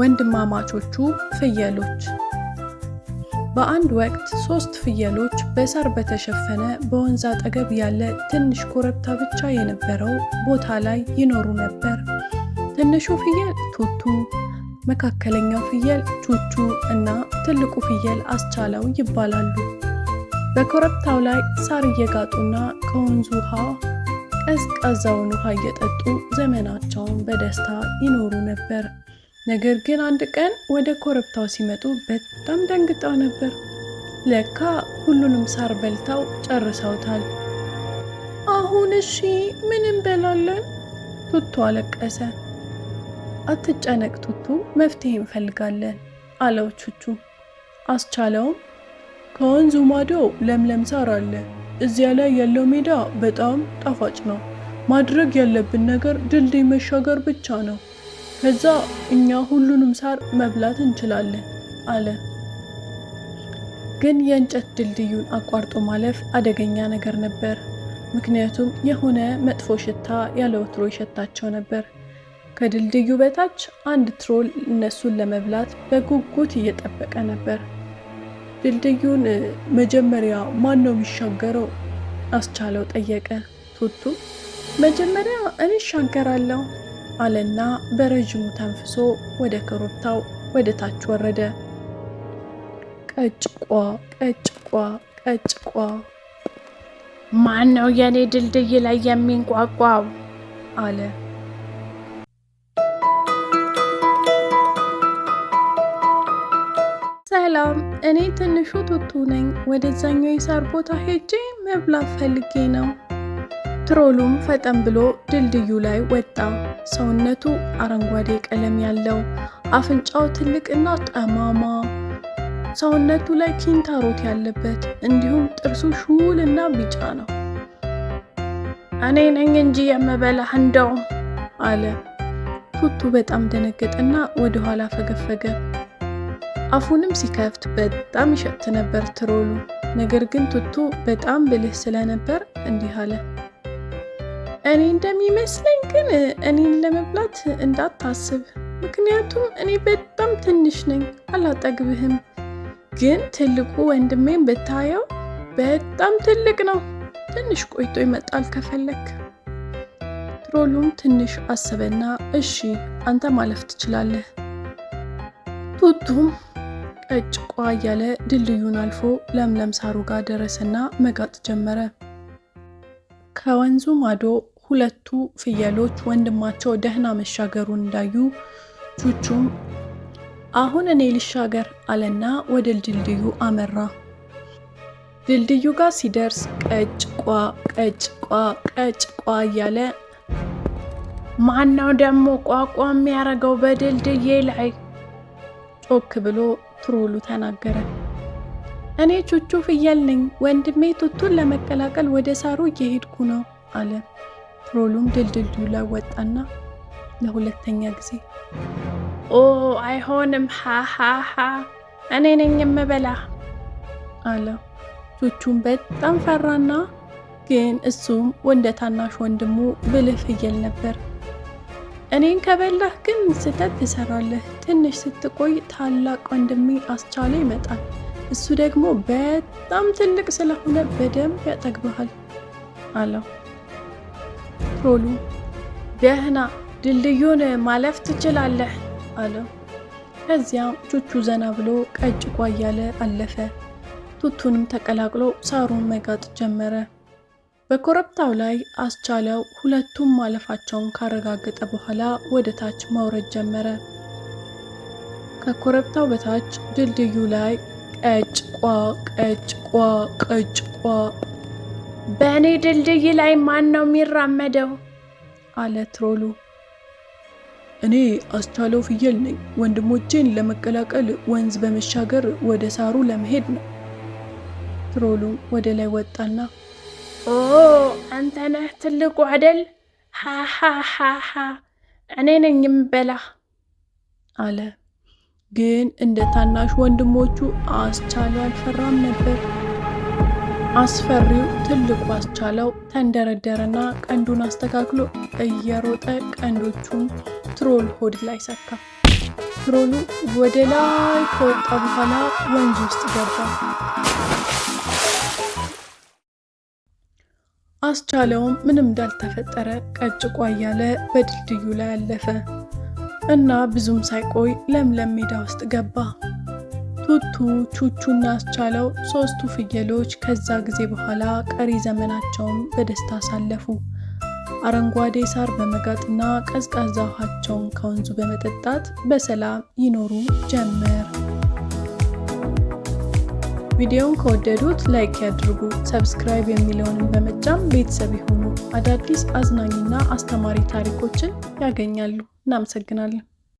ወንድማማቾቹ ፍየሎች በአንድ ወቅት ሶስት ፍየሎች በሳር በተሸፈነ በወንዝ አጠገብ ያለ ትንሽ ኮረብታ ብቻ የነበረው ቦታ ላይ ይኖሩ ነበር። ትንሹ ፍየል ቱቱ፣ መካከለኛው ፍየል ቹቹ እና ትልቁ ፍየል አስቻለው ይባላሉ። በኮረብታው ላይ ሳር እየጋጡና ከወንዙ ውሃ ቀዝቃዛውን ውሃ እየጠጡ ዘመናቸውን በደስታ ይኖሩ ነበር። ነገር ግን አንድ ቀን ወደ ኮረብታው ሲመጡ በጣም ደንግጠው ነበር። ለካ ሁሉንም ሳር በልተው ጨርሰውታል። አሁን እሺ ምን እንበላለን? ቱቱ አለቀሰ። አትጨነቅ ቱቱ፣ መፍትሄ እንፈልጋለን አለው ቹቹ። አስቻለውም ከወንዙ ማዶ ለምለም ሳር አለ። እዚያ ላይ ያለው ሜዳ በጣም ጣፋጭ ነው። ማድረግ ያለብን ነገር ድልድይ መሻገር ብቻ ነው ከዛ እኛ ሁሉንም ሳር መብላት እንችላለን አለ። ግን የእንጨት ድልድዩን አቋርጦ ማለፍ አደገኛ ነገር ነበር። ምክንያቱም የሆነ መጥፎ ሽታ ያለ ወትሮ ይሸታቸው ነበር። ከድልድዩ በታች አንድ ትሮል እነሱን ለመብላት በጉጉት እየጠበቀ ነበር። ድልድዩን መጀመሪያ ማን ነው የሚሻገረው? አስቻለው ጠየቀ። ቱቱ መጀመሪያ እኔ እሻገራለሁ አለና በረዥሙ ተንፍሶ ወደ ኮረብታው ወደ ታች ወረደ። ቀጭቋ ቀጭቋ ቀጭቋ፣ ማን ነው የኔ ድልድይ ላይ የሚንቋቋው? አለ። ሰላም፣ እኔ ትንሹ ቱቱ ነኝ። ወደዛኛው የሳር ቦታ ሄጄ መብላት ፈልጌ ነው ትሮሉም ፈጠን ብሎ ድልድዩ ላይ ወጣ። ሰውነቱ አረንጓዴ ቀለም ያለው፣ አፍንጫው ትልቅና ጠማማ፣ ሰውነቱ ላይ ኪንታሮት ያለበት እንዲሁም ጥርሱ ሹል እና ቢጫ ነው። እኔ ነኝ እንጂ የምበላህ እንደው አለ። ቱቱ በጣም ደነገጠና ኋላ ፈገፈገ። አፉንም ሲከፍት በጣም ይሸት ነበር ትሮሉ። ነገር ግን ቱቱ በጣም ብልህ ስለነበር እንዲህ አለ። እኔ እንደሚመስለኝ ግን እኔን ለመብላት እንዳታስብ፣ ምክንያቱም እኔ በጣም ትንሽ ነኝ፣ አላጠግብህም። ግን ትልቁ ወንድሜን ብታየው በጣም ትልቅ ነው። ትንሽ ቆይቶ ይመጣል ከፈለክ። ትሮሉም ትንሽ አሰበና እሺ አንተ ማለፍ ትችላለህ። ቱቱም ቋ እያለ ድልድዩን አልፎ ለምለም ሳሩ ጋር ደረሰና መጋጥ ጀመረ። ከወንዙ ማዶ ሁለቱ ፍየሎች ወንድማቸው ደህና መሻገሩን እንዳዩ ቹቹም አሁን እኔ ልሻገር አለና ወደ ድልድዩ አመራ። ድልድዩ ጋር ሲደርስ ቀጭ ቋ ቀጭ ቋ ቀጭ ቋ እያለ ማናው ደግሞ ቋቋ የሚያደርገው በድልድዬ ላይ ጮክ ብሎ ትሮሉ ተናገረ። እኔ ቹቹ ፍየል ነኝ፣ ወንድሜ ቱቱን ለመቀላቀል ወደ ሳሩ እየሄድኩ ነው አለ። ሮሉም ድልድልዱ ላይ ወጣና ለሁለተኛ ጊዜ ኦ አይሆንም፣ ሃሃሃ እኔ ነኝ የምበላ አለ። ጆቹን በጣም ፈራና ግን እሱም ወንደ ታናሽ ወንድሙ ብልህ ፍየል ነበር። እኔን ከበላህ ግን ስህተት ትሰራለህ። ትንሽ ስትቆይ ታላቅ ወንድሜ አስቻለ ይመጣል። እሱ ደግሞ በጣም ትልቅ ስለሆነ በደንብ ያጠግብሃል አለው። ሮሉ ደህና ድልድዩን ማለፍ ትችላለህ አለው። ከዚያም ቹቹ ዘና ብሎ ቋ እያለ አለፈ። ቱቱንም ተቀላቅሎ ሳሩን መጋጥ ጀመረ። በኮረብታው ላይ አስቻለው ሁለቱም ማለፋቸውን ካረጋገጠ በኋላ ወደ ታች ማውረድ ጀመረ። ከኮረብታው በታች ድልድዩ ላይ ቀጭ ቋ ቀጭ ቋ ቀጭ ቋ በእኔ ድልድይ ላይ ማን ነው የሚራመደው? አለ ትሮሉ። እኔ አስቻለው ፍየል ነኝ። ወንድሞቼን ለመቀላቀል ወንዝ በመሻገር ወደ ሳሩ ለመሄድ ነው። ትሮሉ ወደ ላይ ወጣና፣ ኦ አንተ ነህ ትልቁ አደል? ሃሃሃሃ እኔ ነኝ እምበላ አለ። ግን እንደ ታናሽ ወንድሞቹ አስቻለው አልፈራም ነበር። አስፈሪው ትልቁ አስቻለው ተንደረደረና ቀንዱን አስተካክሎ እየሮጠ ቀንዶቹን ትሮል ሆድ ላይ ሰካ። ትሮሉ ወደ ላይ ከወጣ በኋላ ወንዝ ውስጥ ገባ። አስቻለውም ምንም እንዳልተፈጠረ ቀጭቋ እያለ በድልድዩ ላይ አለፈ እና ብዙም ሳይቆይ ለምለም ሜዳ ውስጥ ገባ። ቱቱ እና አስቻለው ሶስቱ ፍየሎች ከዛ ጊዜ በኋላ ቀሪ ዘመናቸውን በደስታ አሳለፉ። አረንጓዴ ሳር በመጋጥና ቀዝቃዛ ውሃቸውን ከወንዙ በመጠጣት በሰላም ይኖሩ ጀመር። ቪዲዮውን ከወደዱት ላይክ ያድርጉ፣ ሰብስክራይብ የሚለውንም በመጫም ቤተሰብ ይሁኑ። አዳዲስ አዝናኝና አስተማሪ ታሪኮችን ያገኛሉ። እናመሰግናለን።